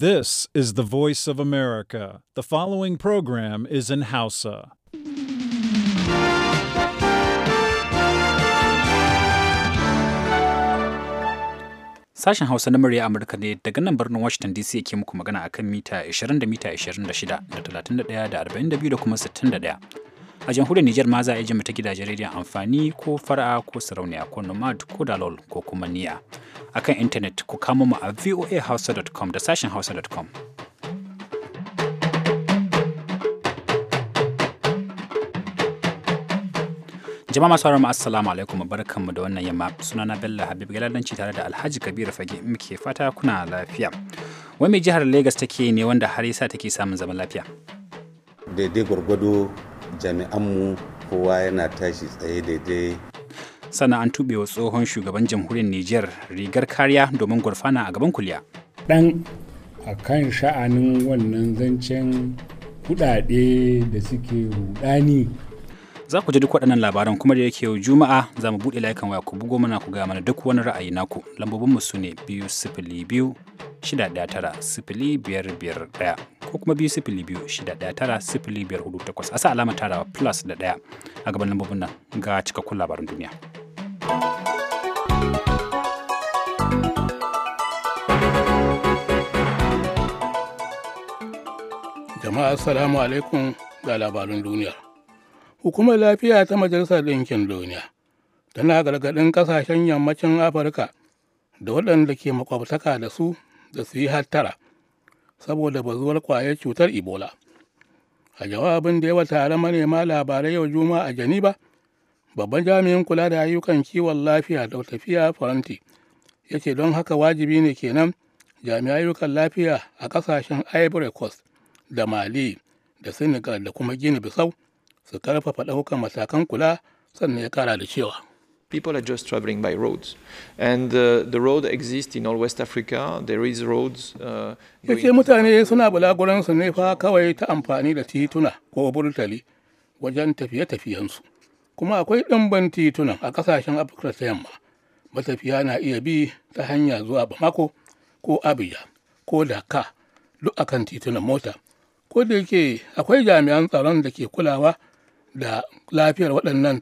This is the voice of America. The following program is in Hausa. Sashen Hausa na murya Amurka ne daga nan birnin Washington DC ke muku magana akan mita 20 da mita 26 da 31 da 42 da kuma 61. a jamhuriyar Nijar ma za a iya ta gidajen rediyon amfani ko fara'a ko sarauniya ko nomad ko dalol ko kuma niya akan intanet ku kama mu a voahausa.com da sashen hausa.com jama'a masu haramu assalamu alaikum mu da wannan yamma suna na bello habib galadanci tare da alhaji kabir fage muke fata kuna lafiya wai jihar lagos take ne wanda har yasa take samun zaman lafiya daidai gwargwado jami'anmu kowa yana tashi tsaye daidai sannan an tsohon shugaban jamhuriyar nijar rigar kariya domin gurfana a gaban kuliya ɗan a kan sha'anin wannan zancen kudade da suke rudani za ku ji duk waɗannan labaran kuma da yake yau juma'a za mu buɗe layukan waya ku bugo mana ku ga mana duk wani ra'ayi naku lambobinmu su ne biyu sifili biyu shida ɗaya tara sifili biyar biyar ɗaya ko kuma biyu sifili biyu shida ɗaya tara sifili biyar hudu takwas a sa alamar tarawa plus da ɗaya a gaban lambobin nan ga cikakkun labarin duniya. jama'a assalamu alaikum ga labarin duniya hukumar lafiya ta majalisar ɗinkin duniya tana gargaɗin ƙasashen yammacin afirka da waɗanda ke makwabtaka da su da su yi hattara saboda bazuwar kwayar cutar ebola a jawabin da yawa tare manema labarai yau juma'a a janiba babban jami'in kula da ayyukan kiwon lafiya da tafiya faranti ya ce don haka wajibi ne kenan jami'an ayyukan lafiya a kasashen ivory coast da mali da senegal da kuma gini bisau su karfafa ɗaukar matakan kula sannan ya kara da cewa people are just traveling by roads. And uh, the road exists in all West Africa. There is roads. mutane uh, suna ne fa kawai ta amfani da tituna ko burtali wajen tafiye-tafiyensu. Kuma akwai ɗimban a ƙasashen Afirka ta yamma. Matafiya na iya bi ta hanya zuwa Bamako ko Abuja ko duk akan titunan mota. Ko da yake akwai jami'an tsaron da ke kulawa da lafiyar waɗannan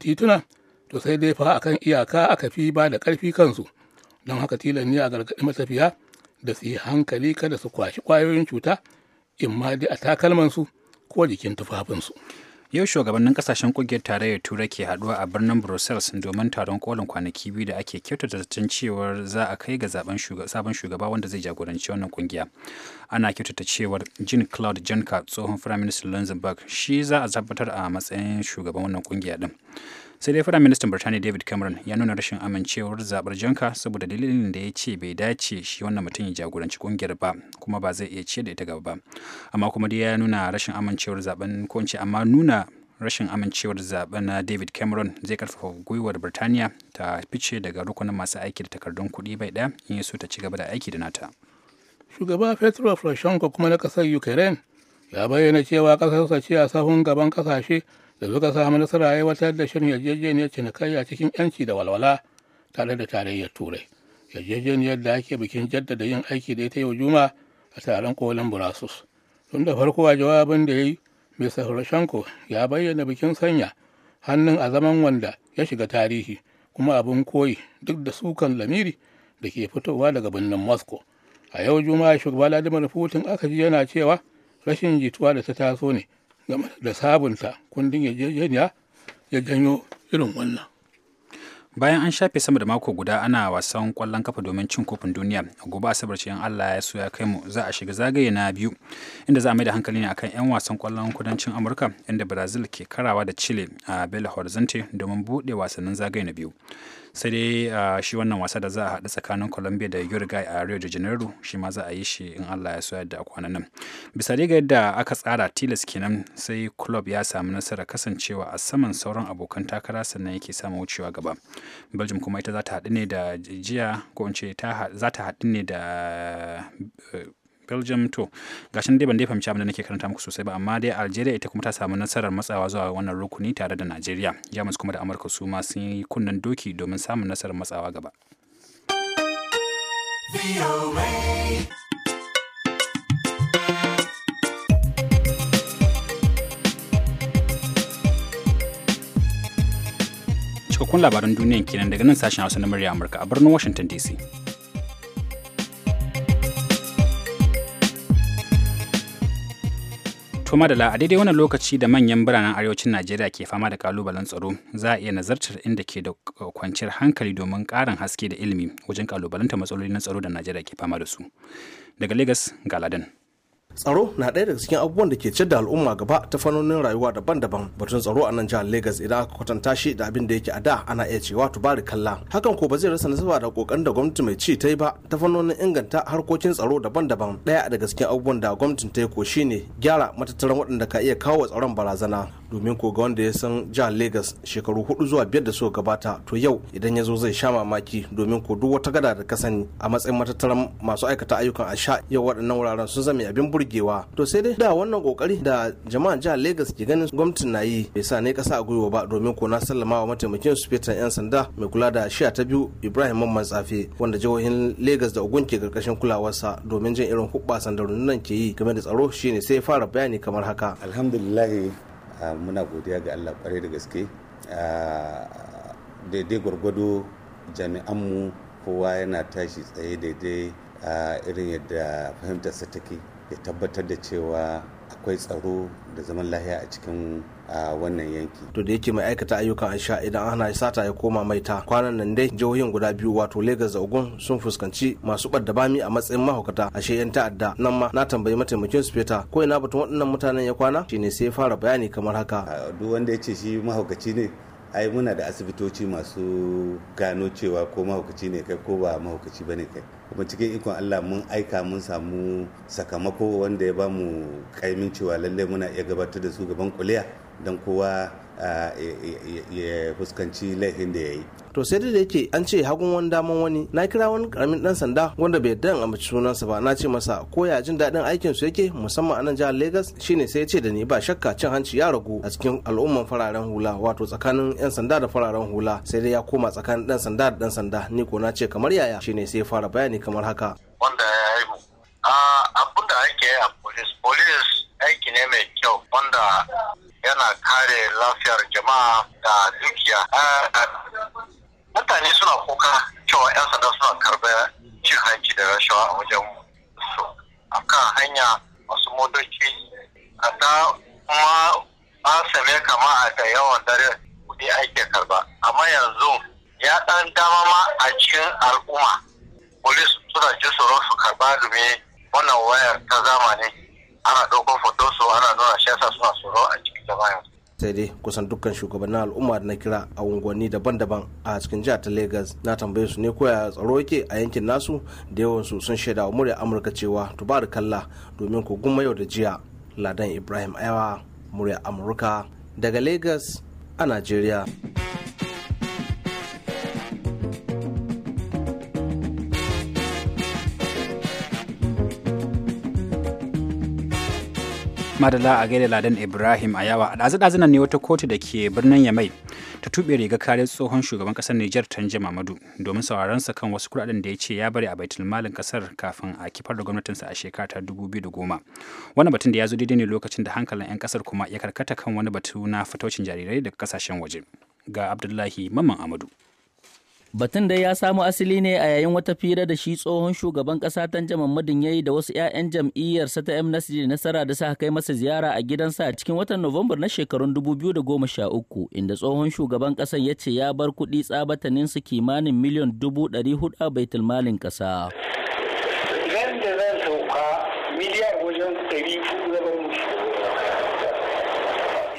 to sai dai fa akan iyaka aka fi ba da karfi kansu don haka tilan ne a gargaɗi matafiya da su yi hankali kada su kwashi kwayoyin cuta in ma dai a takalmansu ko jikin tufafinsu. yau shugabannin kasashen kungiyar tarayyar turai ke haduwa a birnin brussels domin taron kolin kwanaki biyu da ake kyautata zaton cewar za a kai ga zaben sabon shugaba wanda zai jagoranci wannan kungiya ana kyautata cewar jean claude juncker tsohon firaministan luxembourg shi za a tabbatar a matsayin shugaban wannan kungiya din sai dai firayim ministan birtaniya david cameron ya nuna rashin amincewar zabar janka saboda dalilin da ya ce bai dace shi wannan mutum ya jagoranci kungiyar ba kuma ba zai iya ce da ita gaba ba amma kuma dai ya nuna rashin amincewar zaben ko amma nuna rashin amincewar zaben na david cameron zai karfafa gwiwar birtaniya ta fice daga rukunin masu aiki da takardun kuɗi bai ɗaya in ya so ta ci gaba da aiki da nata shugaba petro poroshenko kuma na kasar ukraine ya bayyana cewa ƙasarsa ce a sahun gaban kasashe. da suka samu nasara aiwatar da shirin yarjejeniyar cinikayya cikin yanci da walwala tare da tarayyar turai yarjejeniyar da ake bikin jaddada yin aiki da ita yau juma a taron kolin burasus tun da farko a jawabin da ya yi mr hrushenko ya bayyana bikin sanya hannun a zaman wanda ya shiga tarihi kuma abin koyi duk da sukan lamiri da ke fitowa daga birnin moscow a yau juma'a shugaba vladimir putin aka ji yana cewa rashin jituwa da ta taso ne da sabunta kundin yarjejeniya ya janyo irin wannan bayan an shafe sama da mako guda ana wasan kwallon kafa domin cin kofin duniya gobe asabar ce Allah ya so ya kai mu za a shiga zagaye na biyu inda za a mai da hankali ne akan yan wasan kwallon kudancin Amurka inda Brazil ke karawa da Chile a Belo Horizonte domin bude wasannin zagaye na biyu sai dai a shi wannan wasa da za a haɗu tsakanin colombia da uruguay a rio de janeiro shi ma za a yi shi in allah ya so yadda a kwanan nan bisa ga yadda aka tsara tilas kenan sai club ya samu nasara kasancewa a saman sauran abokan takara sannan yake samun wucewa gaba belgium kuma ita za ta haɗu ne da jiya ko in ce za ta haɗu ne da eh, belgium to gashin dai ban dai fahimci abin da nake karanta muku sosai ba amma dai algeria ita kuma ta samu nasarar matsawa zuwa wannan rukuni tare da najeriya jamus kuma da amurka su ma sun yi kunnen doki domin samun nasarar matsawa gaba cikakkun labaran duniyan kenan daga nan sashen hausa na murya amurka a birnin washington dc To madala a daidai wannan lokaci da manyan biranen arewacin Najeriya ke fama da kalubalen tsaro za a iya nazartar inda ke da eh, kwanciyar hankali domin ƙarin haske da ilimi wajen kalubalanta matsaloli na tsaro da Najeriya ke fama da su. Daga Legas ga Ladan. tsaro na ɗaya daga cikin abubuwan da ke ciyar da al'umma gaba ta fannonin rayuwa daban-daban batun tsaro a nan jihar lagos idan aka kwatanta shi da abin da yake a da ana iya cewa tubari kalla hakan ko ba zai rasa nasaba da kokarin da gwamnati mai ci ta yi ba ta fannonin inganta harkokin tsaro daban-daban ɗaya daga cikin abubuwan da gwamnati ta yi ko shine gyara matattaran waɗanda ka iya kawo tsaron barazana domin ko ga wanda ya san jihar lagos shekaru hudu zuwa biyar da suka gabata to yau idan ya zo zai sha mamaki domin ko duk wata gada da ka sani a matsayin matattaran masu aikata ayyukan a sha yau waɗannan wuraren sun zame abin burgewa to sai dai da wannan kokari da jama'an jihar Legas ke ganin gwamnati na yi bai sa ne kasa a gwiwa ba domin ko na sallama wa mataimakin su fetan yan sanda mai kula da shiya ta biyu Ibrahim Mamman Tsafe wanda jihohin Legas da Ogun ke karkashin kulawarsa domin jin irin hubbasan da rundunan ke yi game da tsaro shine sai fara bayani kamar haka alhamdulillah muna godiya ga Allah kwarai da gaske daidai gwargwado mu kowa yana tashi tsaye daidai a irin yadda fahimtarsa take ya tabbatar da cewa akwai tsaro da zaman lahiya a cikin wannan yanki. To da yake mai aikata ayyukan aisha idan ana sata ya koma maita kwanan nan dai jihohin guda biyu wato Legas da Ogun sun fuskanci masu ɓadda bami a matsayin mahaukata ashe yan ta'adda nan ma na tambayi mataimakin su feta ko ina batun waɗannan mutanen ya kwana shine sai ya fara bayani kamar haka. Duk wanda ya ce shi mahaukaci ne ai muna da asibitoci masu gano cewa ko mahaukaci ne kai ko ba mahaukaci bane kai kuma cikin ikon Allah mun aika mun samu sakamako wanda ya bamu kaimin cewa lallai muna iya gabatar da su gaban kuliya don kowa ah, ya fuskanci laifin da ya yi to sai da yake an ce hagun wani daman wani na kira wani karamin dan sanda wanda bai a mace sunansa ba na ce masa ko ya jin daɗin aikin su yake musamman a nan jihar Lagos shine sai ya ce da ni ba shakka cin hanci ya ragu a cikin al'umman fararen hula wato tsakanin yan sanda da fararen hula sai dai ya koma tsakanin dan sanda da dan sanda ni ko na ce kamar yaya shine sai ya fara bayani kamar haka wanda ya yi abin da ake a polis. Polis aiki ne mai kyau wanda yana kare lafiyar jama'a da dukiya mutane suna kuka cewa 'yan sanda suna karɓar cin hanci da rashawa a wajen su akan hanya masu motoci a ta kuma same kama a da yawan dare kuɗi ake karba amma yanzu ya ɗan dama ma a cikin al'umma polis suna ji tsoron su karba dume wannan wayar ta zamani ana ɗaukar fotonsu ana nuna shi yasa suna tsoro a cikin jama'a sai dai kusan dukkan shugabannin al'umma da na kira a unguwanni daban-daban a cikin jihar ta lagos na tambaye su ne koya tsaro yake a yankin nasu da yawansu sun shaida wa murya amurka cewa kalla domin ku gumma yau da jiya ladan ibrahim ayawa murya amurka daga lagos a najeriya madala a gaida ladan ibrahim a yawa ɗazu ɗazunan ne wata kotu da ke birnin yamai ta tuɓe riga kare tsohon shugaban kasar nijar tanji mamadu domin sauraron sa kan wasu kuɗaɗen da ya ce ya bari a baitul malin kasar kafin a kifar da gwamnatinsa a shekara ta goma wani batun da ya zo daidai ne lokacin da hankalin 'yan ƙasar kuma ya karkata kan wani batu na fitocin jarirai daga kasashen waje ga abdullahi mamman amadu Batun dai ya samo asali ne a yayin wata fira da shi tsohon shugaban ƙasa jaman Madin ya yi da wasu 'ya'yan jam'iyyar jam'iyyarsa ta MNSD nasara da suka kai masa ziyara a gidansa a cikin watan Nuwambar na shekarun 2013 inda tsohon shugaban ƙasar ya ce ya bar kuɗi tsabatanin su kimanin miliyan hudu a baitulmalin ƙasa.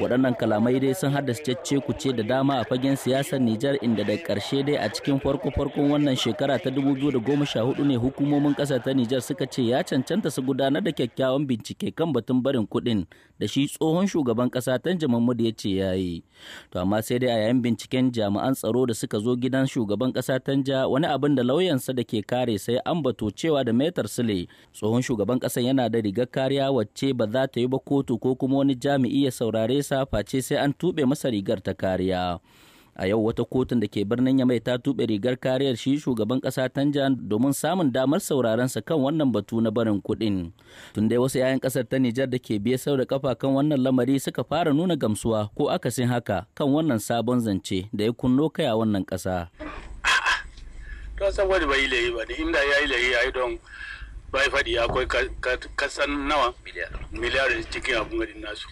waɗannan kalamai dai sun haddasa cece ce da dama a fagen siyasar nijar inda da karshe dai a cikin farko farkon wannan shekara ta 2014 ne hukumomin ƙasar ta nijar suka ce ya cancanta su gudanar da kyakkyawan bincike kan batun barin kuɗin da shi tsohon shugaban ƙasa tanja mahmud ya ce ya yi to amma sai dai a yayin binciken jami'an tsaro da suka zo gidan shugaban ƙasa nja wani abin da lauyansa da ke kare sai an bato cewa da metar sule tsohon shugaban ƙasa yana da rigar kariya wacce ba za ta yi ba kotu ko kuma wani jami'i ya saurare sa face sai an tuɓe masa rigar ta kariya. a yau wata kotun da ke birnin yamai ta tuɓe rigar kariyar shi shugaban ƙasa tanjan domin samun damar sauraron sa kan wannan batu na barin kuɗin tun dai wasu 'ya'yan ƙasar ta nijar da ke biye sau da kafa kan wannan lamari suka fara nuna gamsuwa ko akasin haka kan wannan sabon zance da ya kunno kai a wannan ƙasa. saboda bai ba inda don bai faɗi akwai kasan nawa miliyar cikin abin gadin nasu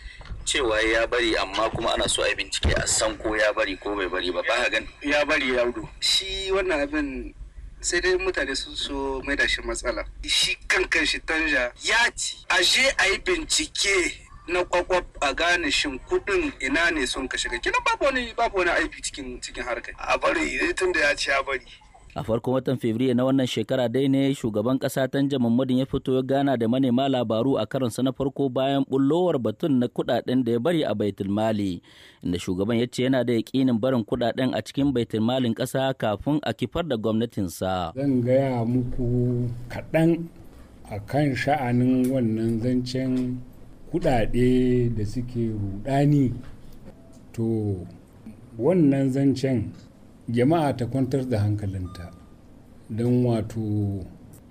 cewa ya bari amma kuma ana so a bincike a san ko ya bari ko bai bari ba ba gan ya bari ya wudu shi wannan abin sai dai mutane sun so mai da shi matsala shi kankan shi tanja ya ci aje a yi bincike na kwakwaf a gane shin kudin ina ne sun ka shiga kina babu wani babu wani aiki cikin cikin harkar a bari tun da ya ci ya bari a farkon watan fabrairu na wannan shekara dai ne shugaban kasa tanja muhammadin ya fito ya gana da manema labaru a karansa na farko bayan bullowar batun na kudaden da ya bari a baitul mali inda shugaban ya ce yana da yakinin barin kudaden a cikin baitul malin kasa kafin a kifar da gwamnatin sa zan gaya muku kaɗan a kan sha'anin wannan zancen kudade da suke rudani to wannan zancen jama'a ta kwantar da hankalinta don wato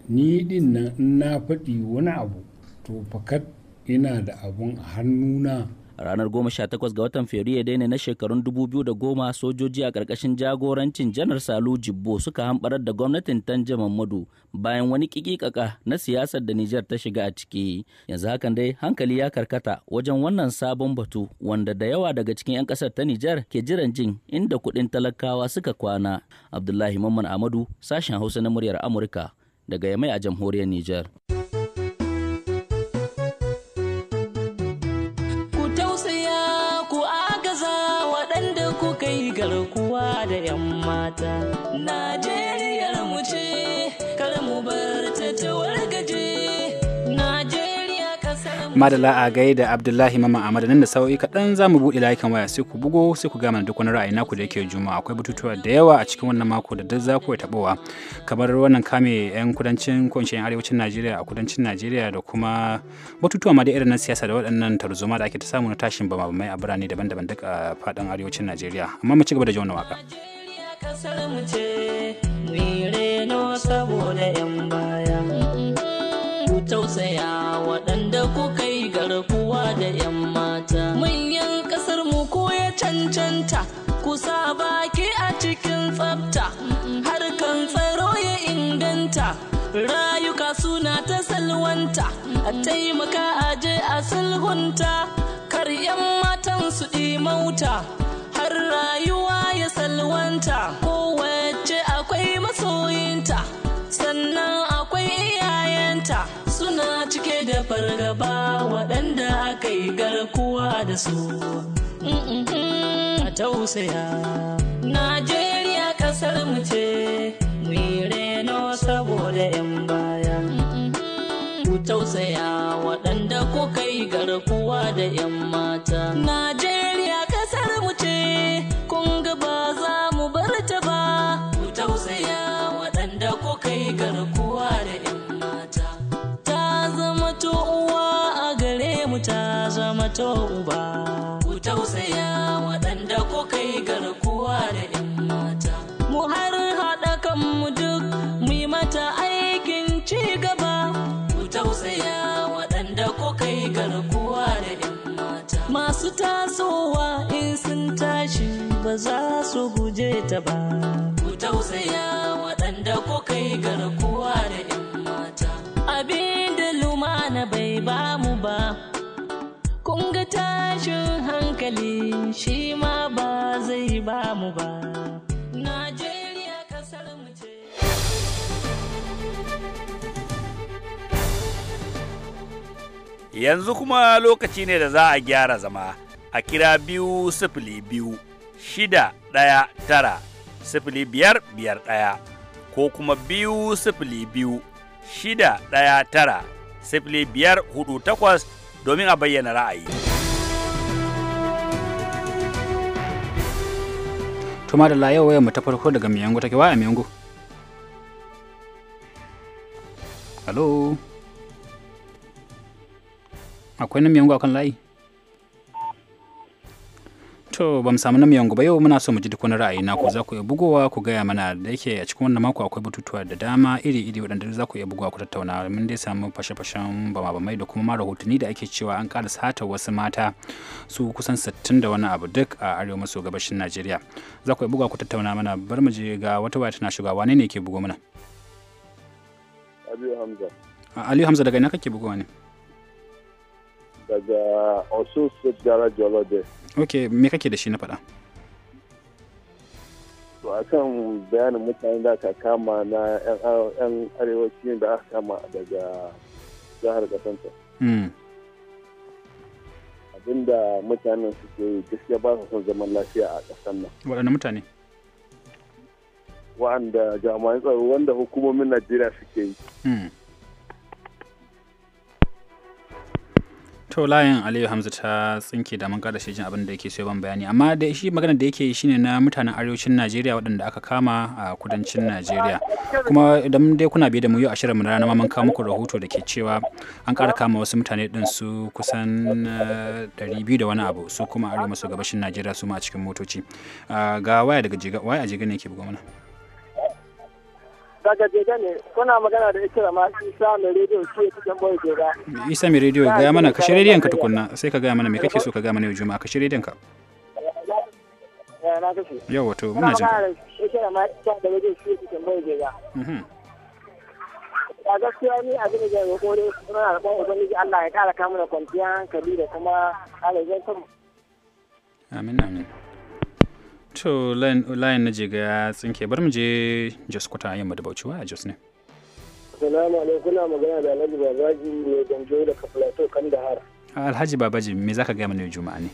ni din nan na faɗi wani abu to fakat ina da abun a hannuna a ranar 18 ga watan fabrairu ne na shekarun 2010 sojoji a ƙarƙashin jagorancin janar salu jibbo suka hambarar da gwamnatin tanja mamadu bayan wani kikikaka na siyasar da nijar ta shiga a ciki yanzu hakan dai hankali ya karkata wajen wannan sabon batu wanda da yawa daga cikin 'yan ƙasar ta nijar ke jiran jin inda kuɗin talakawa suka kwana abdullahi mamman amadu sashen hausa na muryar amurka daga yamai a jamhuriyar nijar mata najeriyar mu ce kar mu bar ta wargaje najeriya kasar madala a gaida abdullahi mama a nan da sau'i kaɗan za mu buɗe layukan waya sai ku bugo sai ku gama duk wani ra'ayi naku da yake juma'a akwai batutuwa da yawa a cikin wannan mako da duk za ku taɓowa kamar wannan kame yan kudancin ko yan arewacin najeriya a kudancin najeriya da kuma batutuwa ma da irin na siyasa da waɗannan tarzoma da ake ta samu na tashin bama mai a birane daban-daban duk a faɗin arewacin najeriya amma mu ci gaba da jin waka. kasar mu ce mu yi reno saboda yan baya ku tausaya waɗanda ku kai garkuwa da yan mata manyan kasar mu ko ya cancanta kusa baki a cikin tsafta harkan tsaro ya inganta rayuka suna ta salwanta a taimaka a je a sulhunta kar yan matan su mauta har rayuwa ko kowace akwai masoyinta sannan akwai iyayenta suna cike da fargaba waɗanda aka yi garkuwa da su a tausaya najeriya ƙasar mu ce mu yi reno saboda 'yan baya ku tausaya waɗanda kuka yi garkuwa da 'yan mata. za su guje ta ba. Ku tausaya waɗanda ku kai garkuwa da 'yan mata. Abin da lumana bai ba mu ba, kun ga tashin hankali shi ma ba zai ba mu ba. Yanzu kuma lokaci ne da za a gyara zama. a kira biyu sifili biyu shida ɗaya tara sifili biyar biyar ɗaya ko kuma biyu sifili biyu shida ɗaya tara sifili biyar hudu takwas domin a bayyana ra'ayi. Tuma da layo waya mu ta farko daga Miyango take waya Miyango. Halo. Akwai na Miyango akan layi? to ba mu samu namiyan ba yau muna so mu ji duk wani ra'ayi na ku za ku iya bugowa ku gaya mana da yake a cikin wannan mako akwai batutuwa da dama iri-iri waɗanda za ku iya bugowa ku tattauna mun dai samu fashe-fashen bama-bamai da kuma ma rahotanni da ake cewa an ƙara sata wasu mata su kusan 60 da wani abu duk a arewa maso gabashin Najeriya za ku iya bugowa ku tattauna mana bar mu je ga wata waya tana shiga wane ne ke bugo mana Aliyu Hamza Aliyu Hamza daga ina kake bugowa ne daga Osun State Garage Olode ok me kake da shi na faɗa to a kan bayanin mutane da aka kama na 'yan arewaci da aka kama daga jihar kasanta hmm. abinda mutanen suke yi gaskiya ba su son zaman lafiya a ƙasar nan waɗanne mutane wa'anda jami'an tsaro wanda hukumomin najeriya suke yi hmm. to layin aliyu hamza ta tsinke da mun kada jin abin da yake so ban bayani amma da shi magana da yake shine na mutanen arewacin najeriya waɗanda aka kama a kudancin najeriya kuma idan dai kuna biye da mu yau ashirin mu rana mun kawo muku rahoto da ke cewa an ƙara kama wasu mutane din su kusan 200 eh, da wani abu su kuma arewa maso gabashin najeriya su ma a cikin motoci ah, ga waya daga waya a jiga ne ke buga mana daga kuna magana da ma isa mai rediyo ce gaya mana kashe rediyon ka tukunna sai ka gaya mana me kake so ka gaya mana yau juma'a kashe rediyon ka eh, yau wato muna jin mhm. a gaskiya ni Allah ya kara kamuna kwanciyar hankali da kuma amin amin to layin na jiga ya tsinke bar mu je jos kuta yamma da bauchiwa a jos ne salamu alaikum na magana da alhaji babaji mai gamjo da kan da kandahar alhaji babaji me zaka gaya mana juma'a ne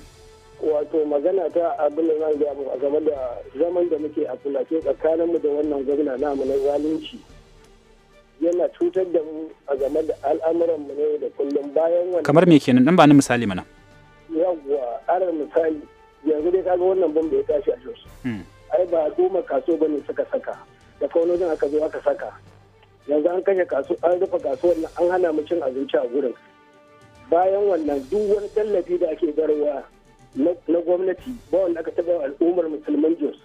wato magana ta abin da zan gaya a game da zaman da muke a fulato tsakanin mu da wannan gwamna namu na zalunci yana cutar da mu a game da al'amuran mu ne da kullum bayan wannan kamar me kenan dan ba ni misali mana yawwa ara misali yanzu dai kaga wannan bom da ya tashi a jos hmm. ai ba goma kaso ba suka saka da wajen aka zo aka saka yanzu an kashe kaso an rufe kasuwar wannan an hana mu cin abinci a gurin bayan wannan duk wani tallafi da ake garwa na gwamnati ba wanda aka taɓa al'ummar musulman jos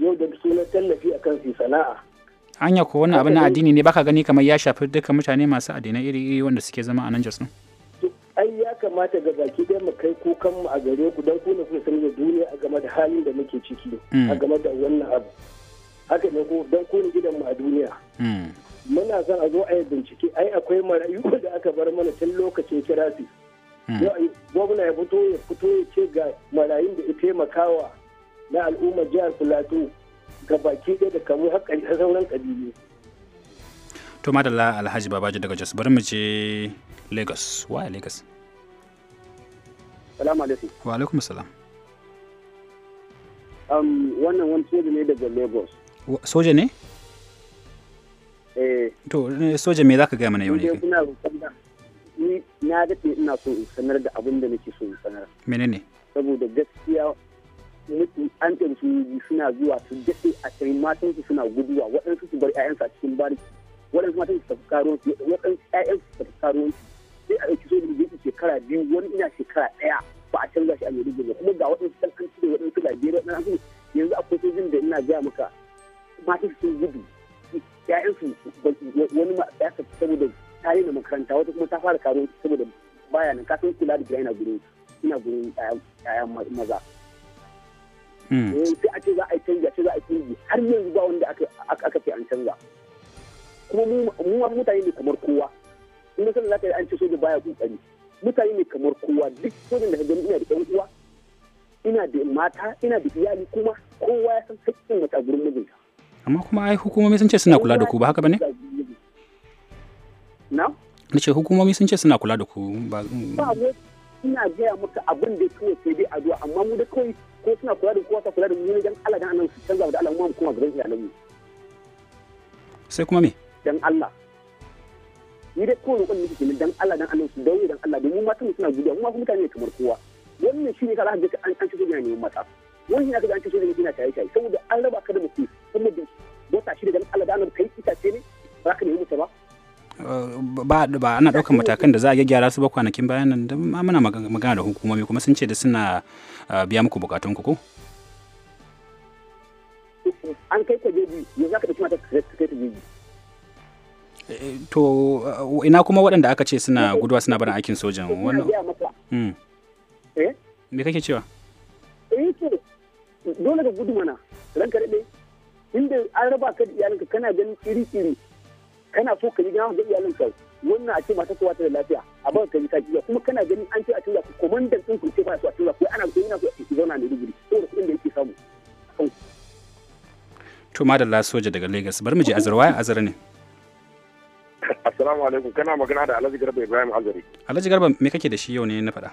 yau da sunan tallafi akan su sana'a hanya ko wani abin na addini ne baka gani kamar ya shafi dukkan mutane masu addinai iri-iri wanda suke zama a nan jos din kamata ga baki ɗaya mu kai kukan mu a gare ku don kuna kuka sani da duniya a game da halin da muke ciki mm. a game da wannan abu haka ne ko don kuna gidan mu a duniya mm. muna son a zo a yi bincike ai akwai marayu da aka bar mana tun lokacin kirasi mm. gwamna ya fito ya fito ya ce ga marayun da ya taimakawa na al'ummar jihar filato ga baki dai da kamu har sauran ƙabilu to madalla alhaji babaji daga jos bari mu je lagos wa lagos Salamu alaikum. Wa alaikum salam. Um, wannan wani soja ne daga Lagos. Soja ne? Eh. To, eh, soja me za ka gaya mana yau ne? Ni na daɗe ina so in sanar da abin da nake so in sanar. Menene? Saboda gaskiya mutu an ɗansu suna zuwa su daɗe a cikin matan su suna guduwa waɗansu su bar 'ya'yansu a cikin bari waɗansu matan su tafi karuwansu waɗansu su tafi sai a ɗauki sojin jirgin shekara biyu wani ina shekara ɗaya ba a canza shi a mai ba kuma ga waɗansu ɗan an cire waɗansu Najeriya ɗan an yanzu akwai sojin da ina gaya maka matan sun gudu ƴaƴansu wani ma ya tafi saboda ta yi na makaranta wata kuma ta fara karo saboda baya nan kasan kula da yana gurin ina gurin ƴaƴan maza. Hmm. Eh, sai a ce za a yi canji a ce za a yi canji har yanzu ba wanda aka ce an canza kuma mu mutane ne kamar kowa in san za ka yi an ce soja baya kokari mutane ne kamar kowa duk sojan da gani ina da yan uwa ina da mata ina da iyali kuma kowa ya san sakin mace a gurin mijinta amma kuma ai hukumomi sun ce suna kula da ku ba haka bane na na ce hukumomi sun ce suna kula da ku ba ina gaya maka abin da kawai sai dai addu'a amma mu da kawai ko suna kula da kowa ta kula da mu ne dan Allah dan Allah su canza da Allah mu kuma gaban iyalan mu sai kuma me dan Allah ni dai kowane kwanne nake kenan dan Allah dan Allah su daure dan Allah domin mutum suna gudu mu ma mutane ne kamar kowa wannan shi ne ka zaka an an ci soja ne mu mata wannan ne ka an ci soja ne yana tayi tayi saboda an raba ka da mutum da wata shi dan Allah dan Allah kai ce ne ba ka nemi mutu ba uh, ba ba ana daukan matakan da za a gyara su ba kwanakin bayan nan da ma muna magana da hukumomi kuma sun ce da suna uh, biya muku bukatun ku ko an kai ka jeji yanzu aka dauki mata ka kai ta jeji to uh, ina kuma waɗanda aka ce suna eh. guduwa suna barin aikin sojan wannan hmm. eh? me kake cewa eh to dole ka gudu mana ran ka daɗe inda an raba ka da iyalinka kana ganin iri-iri kana so ka yi gama da iyalinka wannan a ce mata kowa ta da lafiya a ba ka yi ka jiya kuma kana ganin an ce a tura ku komandan ɗin ku ce ba su a tura ku ana so yana so a zauna ne digiri saboda kuɗin da yake samu to madalla soja daga lagos bari mu je azarwa azar ne Assalamu alaikum kana magana da Alhaji Garba Ibrahim Azari. Alhaji Garba me kake da shi yau ne na faɗa?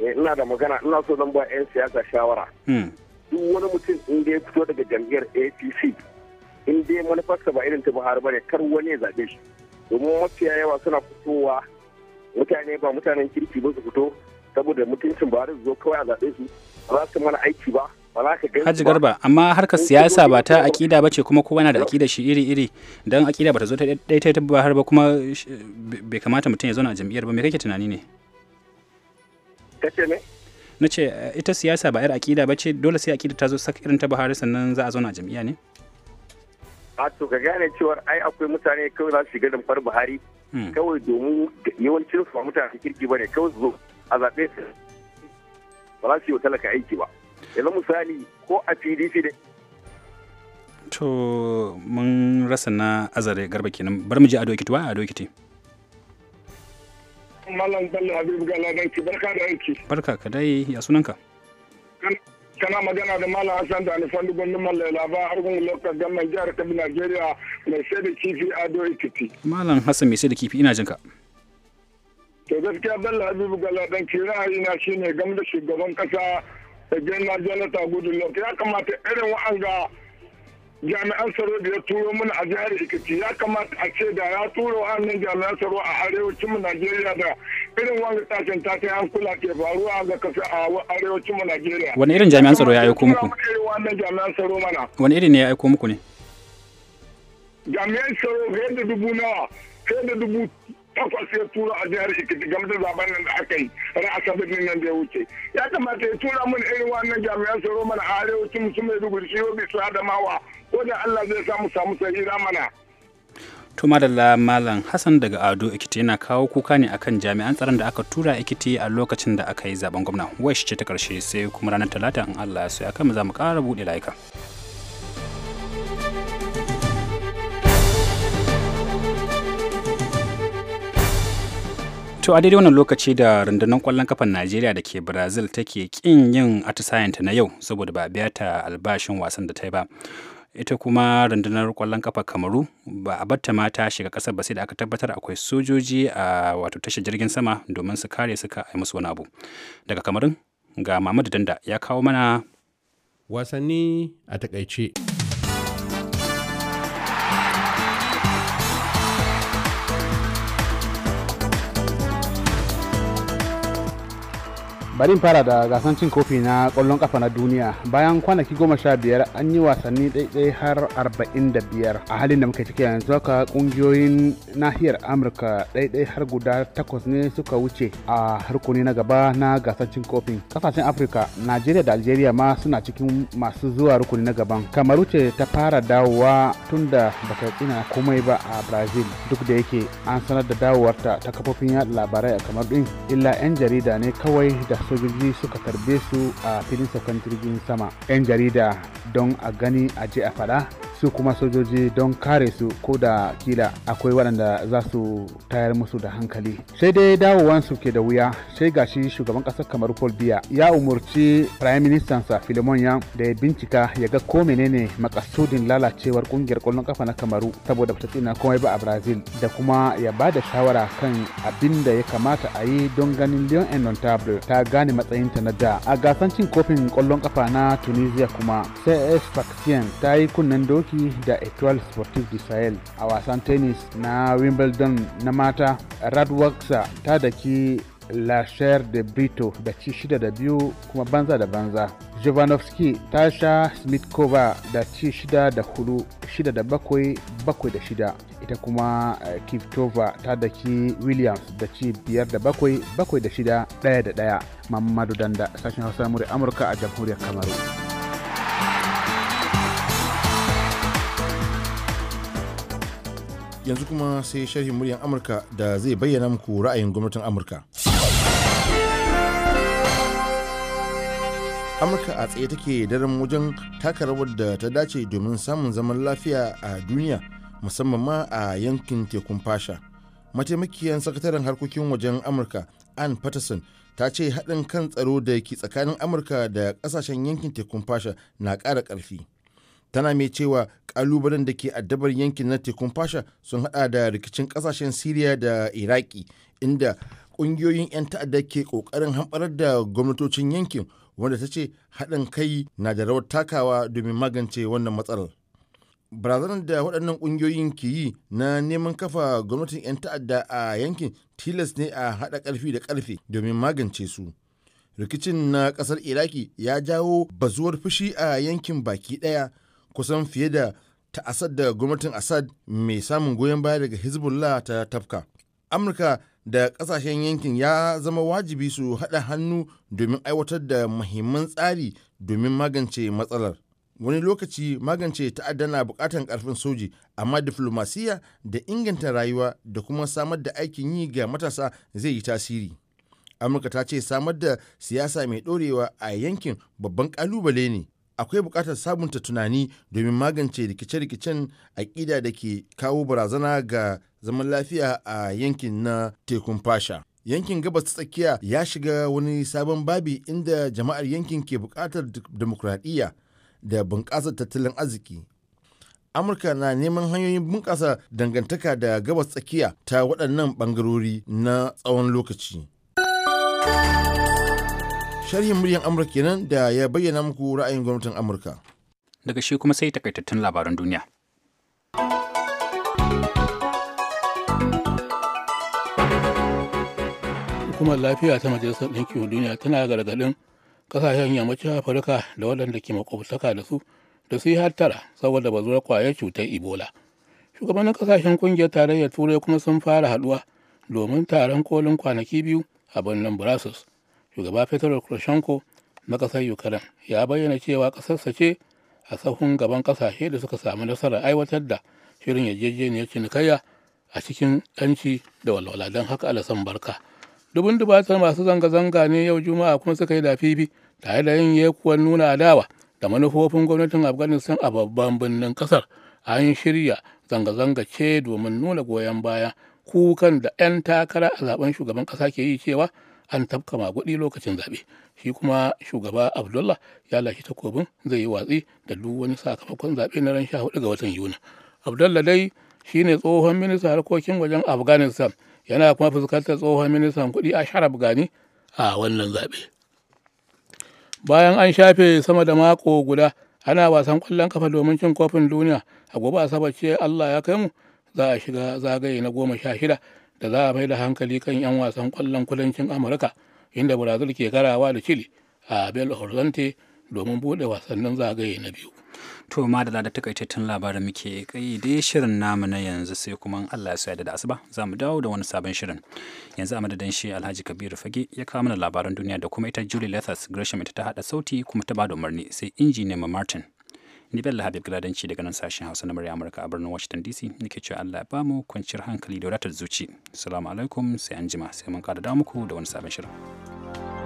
Eh ina da magana ina so zan ba 'yan siyasa shawara. Hmm. Duk wani mutum in dai ya fito daga jam'iyyar APC in dai manufarsa ba irin ta Buhari bane kar wani ya zaɓe shi. Domin mafiya yawa suna fitowa mutane ba mutanen kirki ba su fito saboda mutuncin Buhari su zo kawai a zaɓe su ba za su mana aiki ba Hajji Garba amma harkar siyasa ba ta akida ba ce kuma kowa na da akida shi iri-iri don akida ba ta zo ta ɗaya ta ba har ba kuma bai kamata mutum ya zauna a jam'iyyar ba me kake tunani ne? Kace ne? Na ce eh, ita siyasa ba yar akida ba ce dole sai akida ta zo sak irin ta Buhari sannan za a zauna a jam'iyya ne? A to ka gane cewar ai akwai mutane kawai za su shiga damfar Buhari hmm. kawai domin yawancin su ba mutane kirki ba ne kawai zo a zaɓe su ba za su yi wa talaka aiki ba. yanzu misali ko a pdp da to mun rasa na azare garba kenan bar mu je ado ekiti wa ado ekiti Malam Bello Habib Gala ki barka da aiki. Barka ka dai, ya sunanka? kana magana da Malam Hassan da Alifandu Gwamnan Malam Laba har gun lokacin gamma jihar Kabi Najeriya mai sai da kifi Ado Ekiti. Malam Hassan mai sai da kifi ina jinka. To gaskiya Bello Habib Gala ra'ayi na shine game da shugaban kasa na Jonathan Goodluck ya kamata irin wa'anga jami'an tsaro da ya turo mana a jihar Ekiti ya kamata a ce da ya turo wa'annan jami'an tsaro a arewacin mu Najeriya da irin wanga tashin ta ta hankula ke faruwa ga kafi a arewacin mu Najeriya. Wani irin jami'an tsaro ya aiko muku? Wani irin ne ya aiko muku ne? Jami'an tsaro fiye da dubu nawa, fiye da dubu takwas ya tura a jihar Ikiti game da zaben nan da aka yi ran asabar din nan da ya wuce ya kamata ya tura mun irin wannan jami'an tsaro mana a arewacin su mai dubu shi yobi su adamawa ko da Allah zai samu samu sahira mana to madalla malam hassan daga ado ikiti yana kawo kuka ne akan jami'an tsaron da aka tura ikiti a lokacin da aka yi zaben gwamna shi ce ta karshe sai kuma ranar talata in allah ya so ya kama za mu kara buɗe layuka. To a daidai wannan lokaci da rundunar kwallon kafan Najeriya da ke Brazil take kin yin atisayenta na yau saboda ba biya ta albashin wasan da ta yi ba. Ita kuma rundunar kwallon kafa Kamaru ba a batta ma ta shiga kasar ba sai da aka tabbatar akwai sojoji a wato tashar jirgin sama domin su kare suka yi musu wani abu. Daga Kamarun ga Mamadu Danda ya kawo mana wasanni a takaice. bari in fara da gasan cin kofi na kwallon kafa na duniya bayan kwanaki goma sha biyar an yi wasanni ɗaiɗai har arba'in da biyar a halin da muke ciki yanzu haka ƙungiyoyin nahiyar amurka ɗaiɗai har guda takwas ne suka wuce a rukuni na gaba na gasan cin kofin kasashen afirka najeriya da algeria ma suna cikin masu zuwa rukuni na gaban kamar wuce ta fara dawowa tun da baka tsina komai ba a brazil duk da yake an sanar da dawowarta ta kafofin yaɗa labarai a kamar ɗin illa 'yan jarida ne kawai da sojoji suka karbe su a filin saukan jirgin sama 'yan jarida don a gani a je a fada su kuma sojoji don kare su ko da kila akwai waɗanda za su tayar musu da hankali sai dai dawowansu ke da wuya sai ga shi shugaban ƙasar kamar paul biya ya umurci prime minister sa filimon ya da ya bincika ya ga ko menene makasudin lalacewar ƙungiyar ƙwallon kafa na kamaru saboda ba ta komai ba a brazil da kuma ya ba da shawara kan abin da ya kamata a yi don ganin lyon en ta gane matsayinta na da a gasan cin kofin kwallon kafa na tunisia kuma cf faxian ta yi kunnen doki da etoile sportive du a wasan tennis na wimbledon na mata radwaksa ta daki lasher da brito da ci shida da biyu kuma banza da banza jovanovski sha smithkova da ci shida da hudu shida da bakwai bakwai da shida ita kuma eh, kiftova ta daki williams da ci biyar da bakwai bakwai da shida daya da daya mamadu danda sashen hausa murya amurka a jamhuriyar kamaru yanzu kuma sai sharhin muryar amurka da zai bayyana muku ra'ayin gwamnatin amurka amurka a tsaye take daren wajen taka rawar da ta dace domin samun zaman lafiya a duniya musamman ma a yankin tekun fasha mataimakiyar sakataren harkokin wajen amurka ann patterson ta ce haɗin kan tsaro da ke tsakanin amurka da ƙasashen yankin tekun fasha na ƙara ƙarfi tana mai cewa ƙalubalen da ke addabar yankin na tekun fasha sun haɗa da rikicin ƙasashen siriya da iraki inda ƙungiyoyin 'yan ta'adda ke ƙoƙarin hamɓarar da gwamnatocin yankin wanda ta ce haɗin kai na da rawar takawa domin magance wannan matsalar. barazanar da waɗannan ƙungiyoyin ke yi na neman kafa gwamnatin 'yan ta'adda a yankin tilas ne a haɗa ƙarfi da ƙarfe domin magance su rikicin na ƙasar iraki ya jawo bazuwar fushi a yankin baki ɗaya kusan fiye da ta'asad da gwamnatin assad mai samun goyon baya daga hezbollah ta tafka amurka da kasashen yankin ya zama wajibi su haɗa hannu domin aiwatar da muhimman tsari domin magance matsalar. Wani lokaci magance ta'adda na buƙatar ƙarfin soji, amma diflomasiya da inganta rayuwa da kuma samar da aikin yi ga matasa zai yi tasiri. Amurka ta ce samar da siyasa mai ɗorewa a yankin babban ƙalubale ne. akwai buƙatar sabunta tunani domin magance rikice-rikicen aƙida da ke kawo barazana ga zaman lafiya a yankin na tekun fasha. Yankin gabas ta tsakiya ya shiga wani sabon babi inda jama'ar yankin ke buƙatar demokuraɗiyya da bunƙasar tattalin arziki. Amurka na neman hanyoyin bunƙasa dangantaka da gabas tsakiya ta waɗannan ɓangarori na tsawon lokaci. sharhin muryan amurka kenan da ya bayyana muku ra'ayin gwamnatin amurka daga shi kuma sai takaitattun labaran duniya hukumar lafiya ta majalisar ɗinkin duniya tana gargaɗin ƙasashen yammacin afirka da waɗanda ke makwabtaka da su da su yi hattara saboda bazuwar kwayar cutar ebola shugabannin ƙasashen ƙungiyar tarayyar turai kuma sun fara haɗuwa domin taron kolin kwanaki biyu a birnin brussels shugaba fetur poroshenko na ƙasar ukraine ya bayyana cewa ƙasarsa ce a sahun gaban ƙasashe da suka samu nasarar aiwatar da shirin yarjejeniyar cinikayya a cikin yanci da walwala don haka alasan barka dubun dubatar masu zanga-zanga ne yau juma'a kuma suka yi dafifi tare da yin yekuwar nuna adawa da manufofin gwamnatin afghanistan a babban birnin kasar an shirya zanga-zanga ce domin nuna goyon baya kukan da 'yan takara a zaben shugaban kasa ke yi cewa an tafka magudi lokacin zaɓe shi kuma shugaba abdullah ya lashe takobin zai yi watsi da duk wani sakamakon zaɓe na ran sha hudu ga watan yuni abdullah dai shi ne tsohon ministan harkokin wajen afghanistan yana kuma fuskantar tsohon ministan kuɗi a sharaf gani a wannan zaɓe bayan an shafe sama da mako guda ana wasan kwallon kafa domin cin kofin duniya a gobe asabar ce allah ya kai mu za a shiga zagaye na goma sha shida da za a mai da hankali kan 'yan wasan kwallon kudancin amurka inda brazil ke karawa da chile a belo horizonte domin bude wasannin zagaye na biyu to ma da da takaitattun labarin muke kai dai shirin namu na yanzu sai kuma Allah ya sayar da asuba za mu dawo da wani sabon shirin yanzu a madadin shi Alhaji Kabiru Fage ya kawo mana labaran duniya da kuma ita Julie Lethas Gresham ita ta hada sauti kuma ta bada umarni sai injiniya Martin ni bella habib galadanci daga nan sashen hausa na murya amurka a birnin washington dc nake cewa allah ya bamu kwanciyar hankali da wadatar zuci assalamu alaikum sai an jima sai mun kada da muku da wani sabon shirin